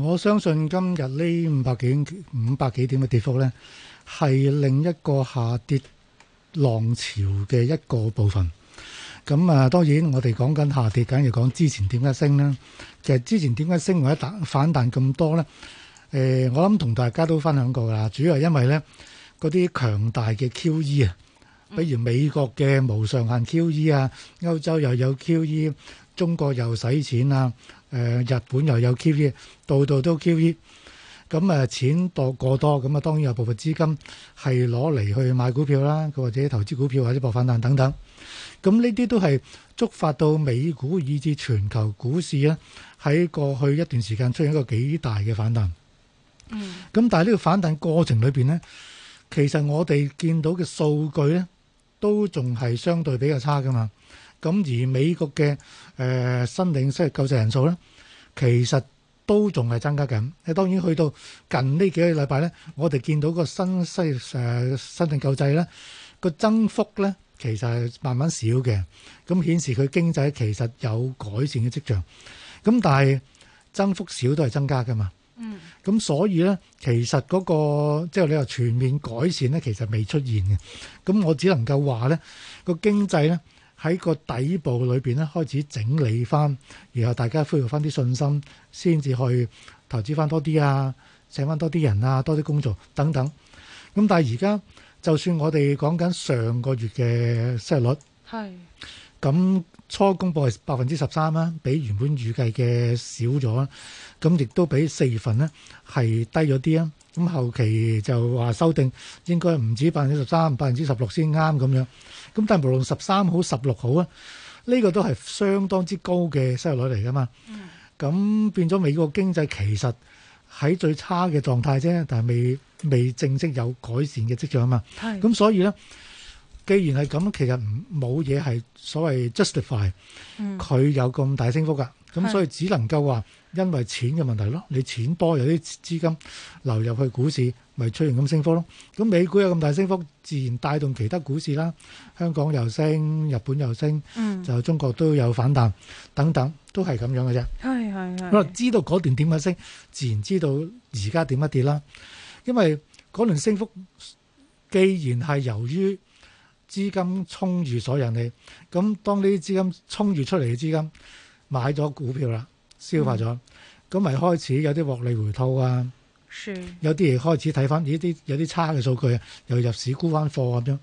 我相信今日呢五百幾、五百幾點嘅跌幅咧，係另一個下跌浪潮嘅一個部分。咁啊，當然我哋講緊下跌，緊要講之前點解升啦，其實之前點解升或者反彈咁多咧？呃，我諗同大家都分享過噶，主要係因為咧嗰啲強大嘅 QE 啊，比如美國嘅無上限 QE 啊，歐洲又有 QE，中國又使錢啊。誒、呃、日本又有 QE，度度都 QE，咁誒錢多過多，咁啊當然有部分資金係攞嚟去買股票啦，佢或者投資股票或者博反彈等等。咁呢啲都係觸發到美股以至全球股市咧，喺過去一段時間出現一個幾大嘅反彈。嗯。咁、嗯、但係呢個反彈過程裏面咧，其實我哋見到嘅數據咧，都仲係相對比較差㗎嘛。咁而美國嘅誒申領失業救濟人數咧，其實都仲係增加緊。誒，當然去到近呢幾個禮拜咧，我哋見到個新西誒申領救濟咧個增幅咧，其實係慢慢少嘅。咁顯示佢經濟其實有改善嘅跡象。咁但係增幅少都係增加㗎嘛。嗯。咁所以咧，其實嗰個即係你話全面改善咧，其實未出現嘅。咁我只能夠話咧個經濟咧。喺個底部裏面咧，開始整理翻，然後大家恢復翻啲信心，先至去投資翻多啲啊，請翻多啲人啊，多啲工作等等。咁但係而家就算我哋講緊上個月嘅失業率，咁是初公佈係百分之十三啦，比原本預計嘅少咗，咁亦都比四月份咧係低咗啲啊。咁後期就話修訂，應該唔止百分之十三，百分之十六先啱咁樣。咁但係無論十三好十六好啊，呢、這個都係相當之高嘅失業率嚟噶嘛。咁變咗美國經濟其實喺最差嘅狀態啫，但係未未正式有改善嘅跡象啊嘛。咁所以咧。既然係咁，其實唔冇嘢係所謂 justify，佢、嗯、有咁大升幅㗎，咁所以只能夠話因為錢嘅問題咯，是你錢多有啲資金流入去股市，咪出現咁升幅咯。咁美股有咁大升幅，自然帶動其他股市啦。香港又升，日本又升，嗯、就中國都有反彈等等，都係咁樣嘅啫。係係係知道嗰段點樣升，自然知道而家點樣跌啦。因為嗰輪升幅，既然係由於資金充裕所引起咁，當呢啲資金充裕出嚟嘅資金買咗股票啦，消化咗咁，咪、嗯、開始有啲獲利回吐啊，是有啲嘢開始睇翻呢啲有啲差嘅數據啊，又入市沽翻貨咁樣，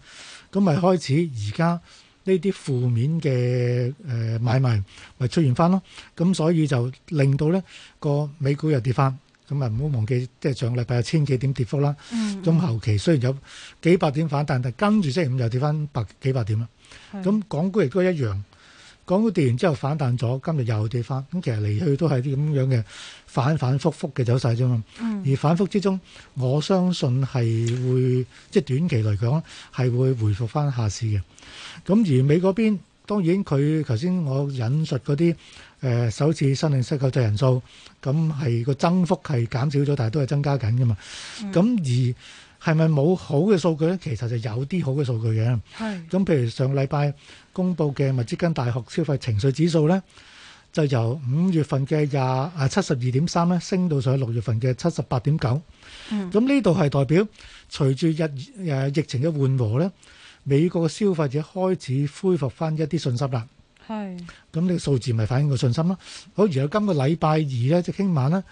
咁咪開始而家呢啲負面嘅誒買賣咪出現翻咯，咁所以就令到呢個美股又跌翻。咁咪唔好忘記，即係上禮拜有千幾點跌幅啦。咁、嗯、後期雖然有幾百點反彈，但跟住星期五又跌翻百幾百點啦。咁港股亦都一樣，港股跌完之後反彈咗，今日又跌翻。咁其實嚟去都係啲咁樣嘅反反覆覆嘅走勢。啫嘛、嗯。而反覆之中，我相信係會即係短期嚟講係會回復翻下市嘅。咁而美嗰邊，當然佢頭先我引述嗰啲。誒首次申請失業救濟人數，咁係個增幅係減少咗，但係都係增加緊㗎嘛。咁而係咪冇好嘅數據咧？其實就有啲好嘅數據嘅。係。咁譬如上禮拜公布嘅密歇根大學消費情緒指數咧，就由五月份嘅廿啊七十二點三咧，升到上去六月份嘅七十八點九。嗯。咁呢度係代表隨住日誒疫情嘅緩和咧，美國嘅消費者開始恢復返一啲信心啦。係咁，呢是個數字咪反映個信心咯。好，而家今個禮拜二咧，即係聽晚呢，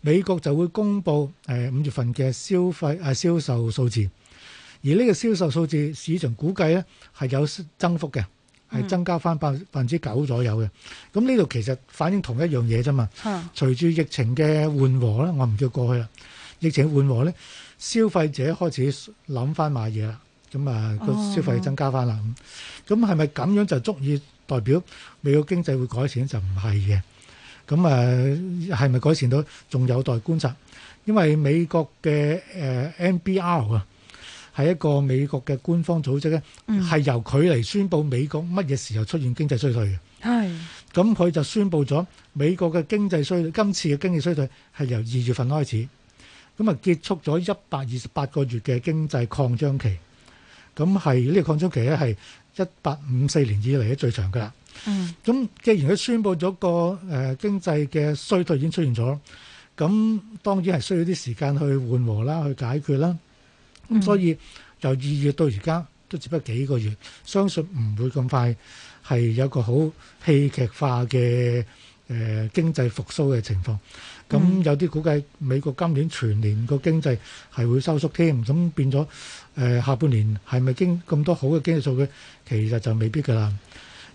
美國就會公布欸五月份嘅消費啊銷售數字。而呢個銷售數字市場估計咧，係有增幅嘅，係增加翻百分之九左右嘅。咁呢度其實反映同一樣嘢啫嘛。啊、隨住疫情嘅緩和呢，我唔叫過去啦。疫情緩和咧，消費者開始諗翻買嘢啦，咁啊個消費增加翻啦。咁咁係咪咁樣就足以？代表美國經濟會改善就唔係嘅，咁誒係咪改善到仲有待觀察？因為美國嘅誒 NBER 啊，係一個美國嘅官方組織咧，係由佢嚟宣布美國乜嘢時候出現經濟衰退嘅。係，咁佢就宣布咗美國嘅經濟衰退，今次嘅經濟衰退係由二月份開始，咁啊結束咗一百二十八個月嘅經濟擴張期，咁係呢個擴張期咧係，一八五四年以嚟嘅最長㗎啦。嗯，咁既然佢宣布咗個誒、呃、經濟嘅衰退已經出現咗，咁當然係需要啲時間去緩和啦，去解決啦。咁、嗯、所以由二月到而家都只不過幾個月，相信唔會咁快係有一個好戲劇化嘅。誒經濟復甦嘅情況，咁有啲估計美國今年全年個經濟係會收縮添，咁變咗誒下半年係咪經咁多好嘅經濟數據，其實就未必㗎喇。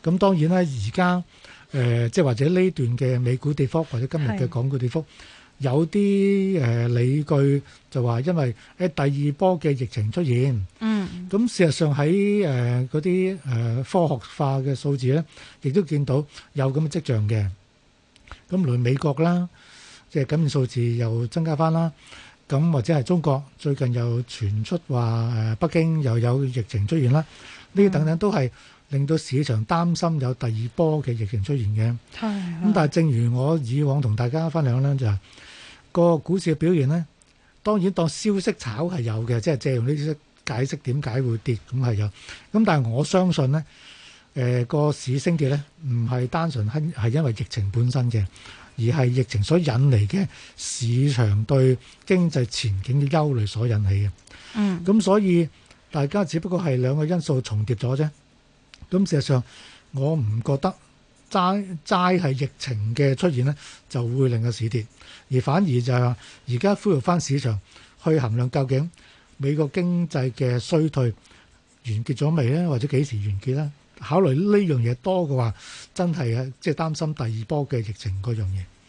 咁當然啦，而家誒即係或者呢段嘅美股跌幅，或者今日嘅港股跌幅，有啲誒理據就話，因為喺第二波嘅疫情出現，咁事實上喺誒嗰啲誒科學化嘅數字咧，亦都見到有咁嘅跡象嘅。咁嚟美國啦，即係感染數字又增加翻啦。咁或者係中國最近又傳出話誒，北京又有疫情出現啦。呢啲等等都係令到市場擔心有第二波嘅疫情出現嘅。咁、啊、但係正如我以往同大家分享呢，就係個股市嘅表現咧，當然當消息炒係有嘅，即係借用呢啲解釋點解會跌咁係有。咁但係我相信咧。誒、個市升跌咧，唔係單純係係因為疫情本身嘅，而係疫情所引嚟嘅市場對經濟前景嘅憂慮所引起嘅。嗯，咁所以大家只不過係兩個因素重疊咗啫。咁事實上，我唔覺得齋齋係疫情嘅出現咧就會令個市跌，而反而就係話而家恢復翻市場去衡量究竟美國經濟嘅衰退完結咗未咧，或者幾時完結呢？考慮呢樣嘢多嘅話，真係啊，即係擔心第二波嘅疫情嗰樣嘢。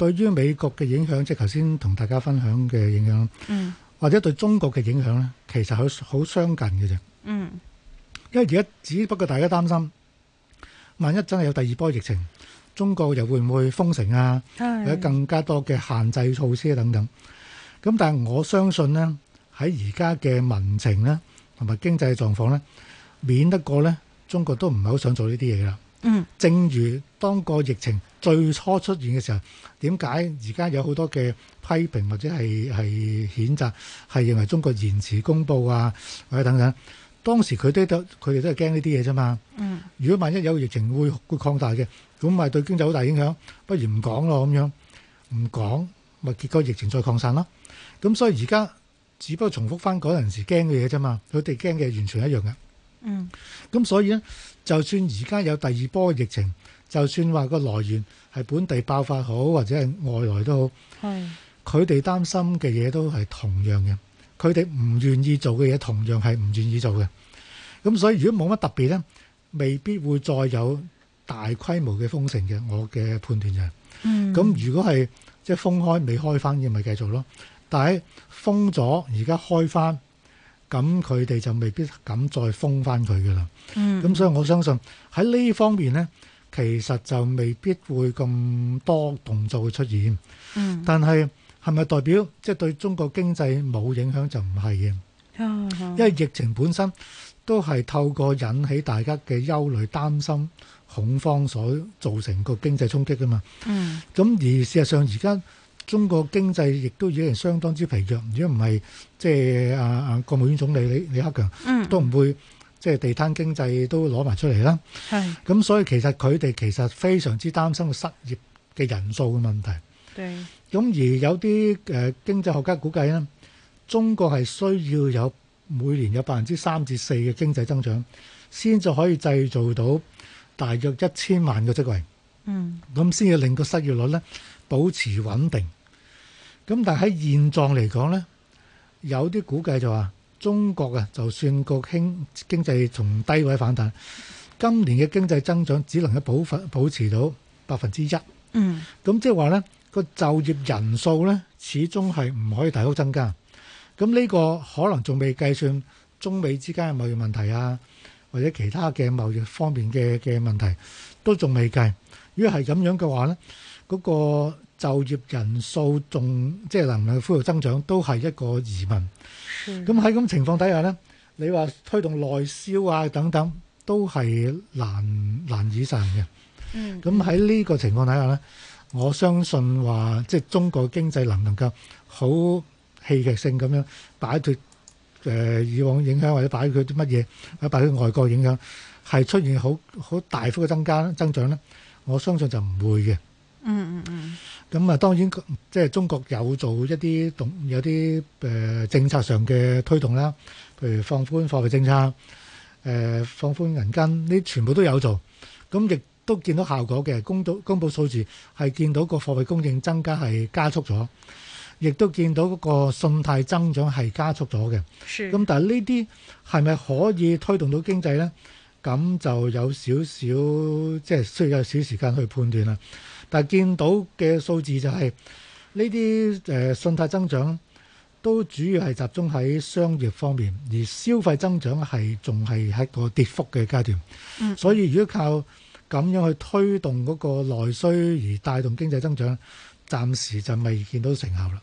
對於美國嘅影響，即係頭先同大家分享嘅影響，嗯、或者對中國嘅影響咧，其實好好相近嘅啫。嗯，因為而家只不過大家擔心，萬一真係有第二波疫情，中國又會唔會封城啊？有是更加多嘅限制措施等等。咁但係我相信咧，喺而家嘅民情咧，同埋經濟狀況咧，免得過咧，中國都唔係好想做呢啲嘢啦。嗯，正如。當個疫情最初出現嘅時候，點解而家有好多嘅批評或者係係譴責，係認為中國延遲公布啊或者等等。當時佢都都佢哋都係驚呢啲嘢啫嘛。嗯，如果萬一有個疫情會會擴大嘅，咁咪對經濟好大影響，不如唔講咯咁樣，唔講咪結果疫情再擴散咯。咁所以而家只不過重複翻嗰陣時驚嘅嘢啫嘛。佢哋驚嘅完全一樣嘅。嗯，咁所以咧，就算而家有第二波嘅疫情。就算話個來源係本地爆發好，或者係外來都好，係佢哋擔心嘅嘢都係同樣嘅。佢哋唔願意做嘅嘢，同樣係唔願意做嘅。咁所以如果冇乜特別咧，未必會再有大規模嘅封城嘅。我嘅判斷就係，嗯，咁如果係即係封開未開翻，咁咪繼續咯。但係封咗而家開翻，咁佢哋就未必敢再封翻佢噶啦。嗯，咁所以我相信喺呢方面咧。其實就未必會咁多動作會出現，嗯、但係係咪代表即係、就是、對中國經濟冇影響就唔係嘅？哦、因為疫情本身都係透過引起大家嘅憂慮、擔心、恐慌所造成個經濟衝擊噶嘛。咁、嗯、而事實上而家中國經濟亦都已經相當之疲弱，如果唔係即係啊啊國務院總理李李克強都唔會。即係地攤經濟都攞埋出嚟啦，咁所以其實佢哋其實非常之擔心失業嘅人數嘅問題。對，咁而有啲誒經濟學家估計咧，中國係需要有每年有百分之三至四嘅經濟增長，先至可以製造到大約一千萬個職位。嗯，咁先要令個失業率咧保持穩定。咁但係喺現狀嚟講咧，有啲估計就話，中國啊，就算個經經濟從低位反彈，今年嘅經濟增長只能夠保，保持到百分之一。嗯，咁即係話咧，個就業人數咧，始終係唔可以大幅增加。咁呢個可能仲未計算中美之間嘅貿易問題啊，或者其他嘅貿易方面嘅嘅問題都仲未計。如果係咁樣嘅話咧，嗰、嗰個就業人數仲即係能量快速增長，都係一個疑問。咁喺咁情況底下咧，你話推動內銷啊等等，都係難難以實現嘅。咁喺呢個情況底下咧，我相信話即係中國的經濟能唔能夠好戲劇性咁樣擺脱誒、呃、以往影響或者擺脱啲乜嘢，或者擺脱外國影響，係出現好好大幅嘅增加增長咧，我相信就唔會嘅、嗯。嗯嗯嗯。咁啊，當然即係、就是、中國有做一啲有啲誒、呃、政策上嘅推動啦，譬如放寬貨幣政策，誒、呃、放寬銀根，呢全部都有做，咁亦都見到效果嘅。公公佈數字係見到個貨幣供應增加係加速咗，亦都見到個個信貸增長係加速咗嘅。咁是但係呢啲係咪可以推動到經濟呢？咁就有少少即係需要有少時間去判斷啦。但見到嘅數字就係呢啲誒、信貸增長都主要係集中喺商業方面，而消費增長係仲係喺個跌幅嘅階段。嗯、所以如果靠咁樣去推動嗰個內需而帶動經濟增長，暫時就未見到成效啦。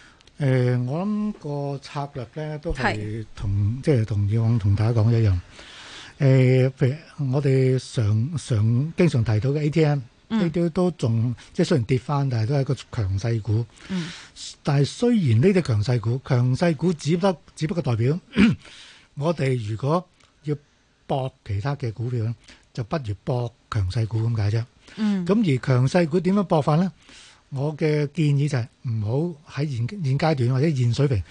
誒、呃，我諗個策略咧，都係同是即係同以往同大家講一樣。誒、呃，譬如我哋常常經常提到嘅 ATM 呢啲都仲即係雖然跌返，但係都係一個強勢股。嗯。但係雖然呢啲強勢股，強勢股只不只不過代表咳咳我哋如果要博其他嘅股票咧，就不如博強勢股咁解啫。嗯。咁而強勢股點樣博法咧？我嘅建議就係唔好喺現現階段或者現水平，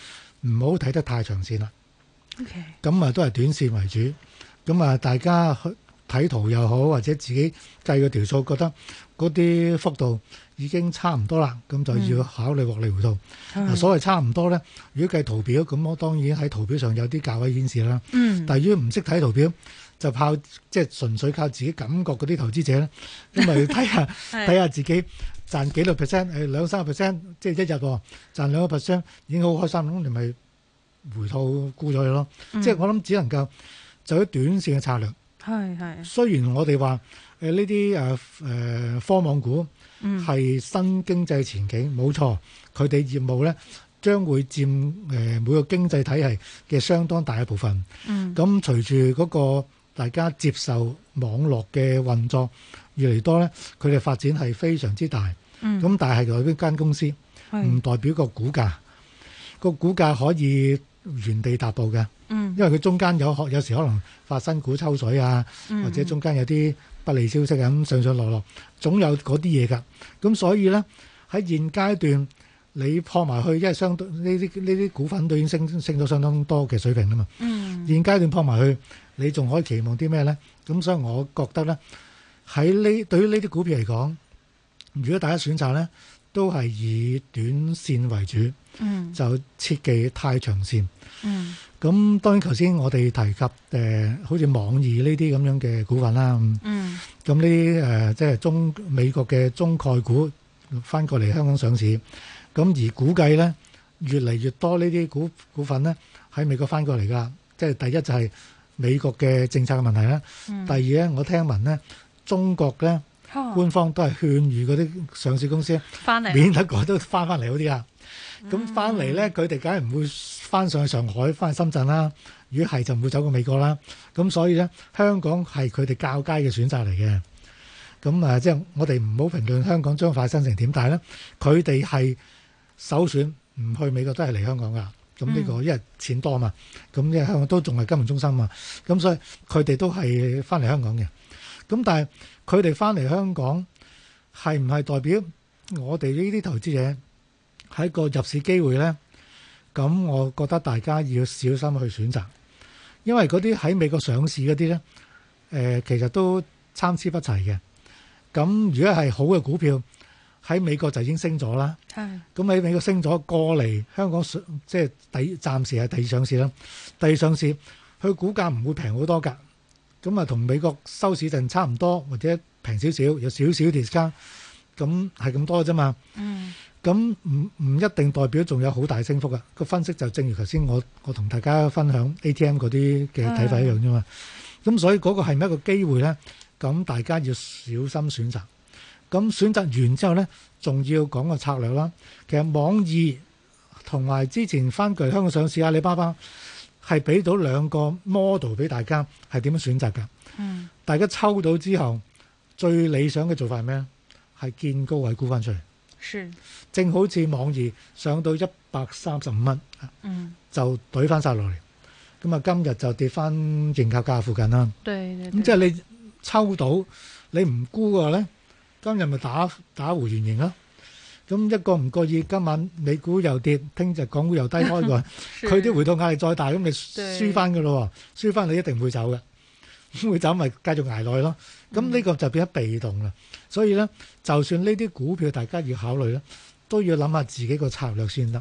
唔好睇得太長線啦。OK，咁啊都係短線為主。咁啊，大家睇圖又好，或者自己計個條數，覺得嗰啲幅度已經差唔多啦，咁就要考慮獲利回吐。嗯，所謂差唔多咧，如果計圖表咁，咁我當然喺圖表上有啲價位顯示啦。嗯。但如果唔識睇圖表，就靠即係純粹靠自己感覺嗰啲投資者咧，因為睇下睇 是下自己。賺幾多 percent？誒兩三個 percent，即係一日喎賺兩個 percent 已經好開心，咁你咪回頭沽咗佢咯。嗯、即係我諗只能夠就喺短線嘅策略。係係是。雖然我哋話誒呢啲誒誒科網股係新經濟前景，冇錯、嗯，佢哋業務咧將會佔誒、呃、每個經濟體系嘅相當大嘅部分。嗯。咁隨住嗰個。大家接受網絡嘅運作越嚟越多咧，佢哋發展係非常之大。咁、嗯、但係代表間公司唔代表個股價，個是股價可以原地踏步嘅。嗯、因為佢中間有有時可能發生股抽水啊，嗯、或者中間有啲不利消息咁上上落落，總有嗰啲嘢㗎。咁所以咧喺現階段，你破埋去，因為相對呢啲呢啲股份都已經升升咗相當多嘅水平啦嘛。嗯、現階段破埋去。你仲可以期望啲咩咧？咁所以，我覺得咧喺呢對於呢啲股票嚟講，如果大家選擇咧，都係以短線為主，嗯、就切忌太長線。咁、嗯、當然，頭先我哋提及、呃、好似網易呢啲咁樣嘅股份啦。咁呢啲、呃、即係中美國嘅中概股翻過嚟香港上市。咁而估計咧，越嚟越多呢啲股股份咧喺美國翻過嚟噶。即係第一就係、是。美國嘅政策嘅問題啦，第二咧，我聽聞咧，中國咧官方都係勸喻嗰啲上市公司翻嚟，免得過都翻翻嚟好啲啊！咁翻嚟咧，佢哋梗係唔會翻上去上海、翻去深圳啦。如果係就唔會走過美國啦。咁所以咧，香港係佢哋較佳嘅選擇嚟嘅。咁啊，即係我哋唔好評論香港將快生成點，但係咧，佢哋係首選，唔去美國都係嚟香港噶。咁呢個一日錢多嘛？咁呢香港都仲係金融中心嘛？咁所以佢哋都係翻嚟香港嘅。咁但係佢哋翻嚟香港係唔係代表我哋呢啲投資者係一個入市機會咧？咁我覺得大家要小心去選擇，因為嗰啲喺美國上市嗰啲咧，誒其實都參差不齊嘅。咁如果係好嘅股票，喺美國就已經升咗啦，咁喺美國升咗過嚟香港上，即係第暫時係第二上市啦，第二上市佢股價唔會平好多㗎，咁啊，同美國收市陣差唔多，或者平少少，有少少 discount，咁係咁多啫嘛。咁唔唔一定代表仲有好大升幅㗎。個分析就正如頭先我我同大家分享 ATM 嗰啲嘅睇法一樣啫嘛。咁所以嗰個係咪一個機會咧？咁大家要小心選擇。咁選擇完之後咧，仲要講個策略啦。其實網易同埋之前翻嚟香港上市阿里巴巴係俾到兩個 model 俾大家係點樣選擇㗎。嗯，大家抽到之後最理想嘅做法係咩？係見高位沽翻出嚟。是正好似網易上到一百三十五蚊，嗯，就懟翻晒落嚟。咁啊，今日就跌翻認購價附近啦。對，咁即係你抽到你唔沽嘅話咧？今日咪打打回原形咯，咁一個唔覺意，今晚美股又跌，聽日港股又低開㗎，佢啲 是回吐壓力再大，咁你輸翻噶咯，對輸翻你一定會走嘅，會走咪繼續挨耐咯，咁呢個就變咗被動啦。嗯、所以咧，就算呢啲股票大家要考慮咧，都要諗下自己個策略先得。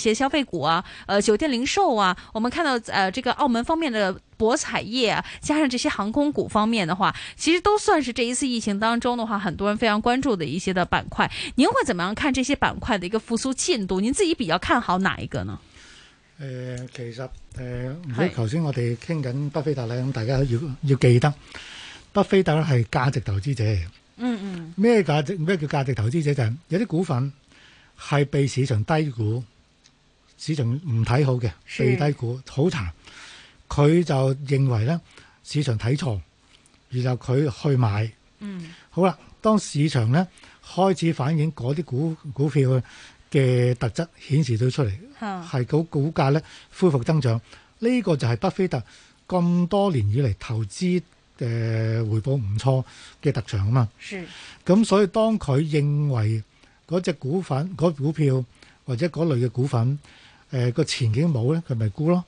一些消費股啊，呃，酒店零售啊，我們看到呃，這個澳門方面的博彩業啊，加上這些航空股方面的話，其實都算是這一次疫情當中的話，很多人非常關注的一些的板塊。您會怎麼樣看這些板塊的一個復蘇進度？您自己比較看好哪一個呢？誒、呃，其實誒，頭、呃、先是我哋傾緊北非特巴菲特呢。咁大家要要記得，巴菲特係價值投資者。嗯嗯。咩價值？咩叫價值投資者？就係、是、有啲股份係被市場低估。市場唔睇好嘅被低估、好殘，佢就認為咧市場睇錯，然後佢去買。嗯，好啦，當市場咧開始反映嗰啲股股票嘅特質，顯示到出嚟，係股股價咧恢復增長，呢個就係巴菲特咁多年以嚟投資嘅回報唔錯嘅特長啊嘛。嗯，咁所以當佢認為嗰隻股份、嗰隻股票或者嗰類嘅股份。誒個前景冇咧，佢咪沽咯？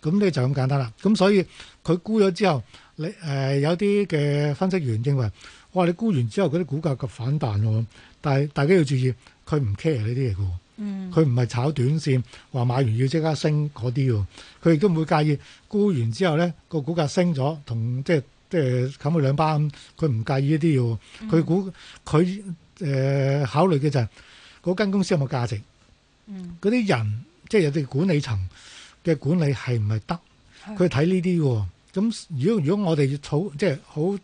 咁呢就咁簡單啦。咁所以佢沽咗之後，你誒有啲嘅分析員認為，哇！你沽完之後嗰啲股價嘅反彈喎，但係大家要注意，佢唔 care 呢啲嘢嘅。嗯。佢唔係炒短線，話買完要即刻升嗰啲喎。佢亦都唔會介意沽完之後咧、個股價升咗同即係即係冚佢兩巴咁，佢唔介意呢啲嘢。佢估佢誒考慮嘅就係嗰間公司有冇價值。嗯。嗰啲人。即係有啲管理層嘅管理係唔係得？佢睇呢啲㗎喎。咁的如果如果我哋草，即係好誒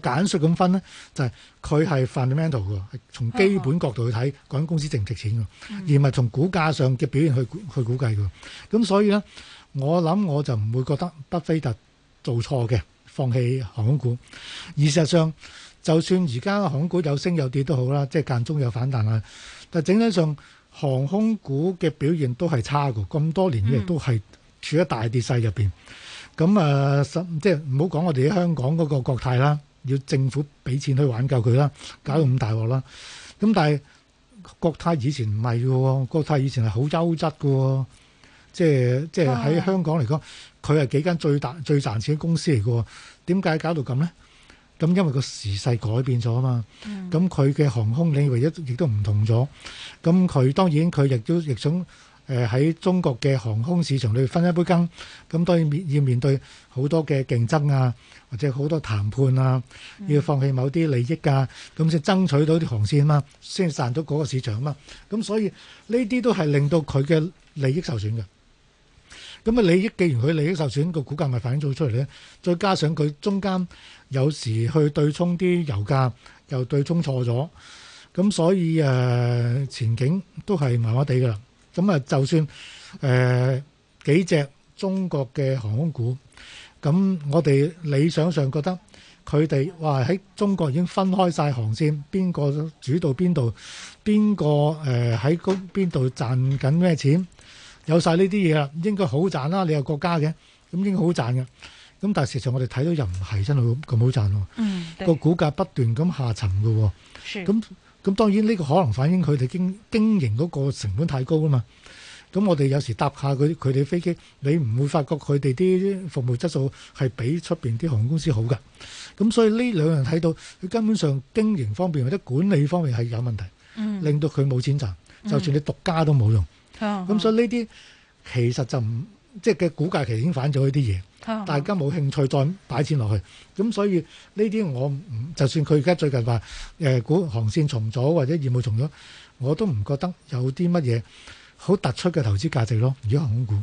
簡述咁分咧，就係、是、佢係 fundamental 㗎，係從基本角度去睇嗰間公司值唔值錢㗎，嗯、而唔係從股價上嘅表現去去估計㗎。咁所以咧，我諗我就唔會覺得巴菲特做錯嘅放棄航空股。而事實上，就算而家航空股有升有跌都好啦，即係間中有反彈啦，但係整體上，航空股嘅表現都係差嘅，咁多年亦都係處一大跌勢入邊。咁、嗯、啊，十即係唔好講我哋喺香港嗰個國泰啦，要政府俾錢去挽救佢啦，搞到咁大禍啦。咁、嗯、但係國泰以前唔係嘅喎，國泰以前係好、喔、優質嘅、喔，即係即係喺香港嚟講，佢係、啊、幾間最大最賺錢嘅公司嚟嘅、喔。點解搞到咁咧？咁因為個時勢改變咗啊嘛，咁佢嘅航空領域亦都亦都唔同咗。咁佢當然佢亦都亦想誒喺中國嘅航空市場裏面分一杯羹。咁當然面要面對好多嘅競爭啊，或者好多談判啊，要放棄某啲利益呀。咁先、嗯、爭取到啲航線嘛，先賺到嗰個市場啊嘛。咁所以呢啲都係令到佢嘅利益受損嘅。咁啊，利益既然佢利益受損，個股價咪反映到出嚟咧。再加上佢中間。有時去對沖啲油價又對沖錯咗，咁所以誒、呃、前景都係麻麻地噶啦。咁啊，就算誒、呃、幾隻中國嘅航空股，咁我哋理想上覺得佢哋哇喺中國已經分開晒航線，邊個主導邊度，邊個誒喺高邊度賺緊咩錢，有晒呢啲嘢啦，應該好賺啦。你係國家嘅，咁應該好賺嘅。咁但係，事實上我哋睇到又唔係真係咁好賺喎。嗯，個股價不斷咁下沉㗎喎。咁咁是當然呢個可能反映佢哋經經營嗰個成本太高啊嘛。咁我哋有時搭下佢佢哋飛機，你唔會發覺佢哋啲服務質素係比出邊啲航空公司好㗎。咁所以呢兩樣睇到佢根本上經營方面或者管理方面係有問題，嗯、令到佢冇錢賺。就算你獨家都冇用。咁、嗯、所以呢啲其實就唔即係嘅股價其實已經反咗啲嘢，大家冇興趣再擺錢落去，咁所以呢啲我唔就算佢而家最近話誒股航線重咗，或者業務重咗，我都唔覺得有啲乜嘢好突出嘅投資價值咯，如果航空股。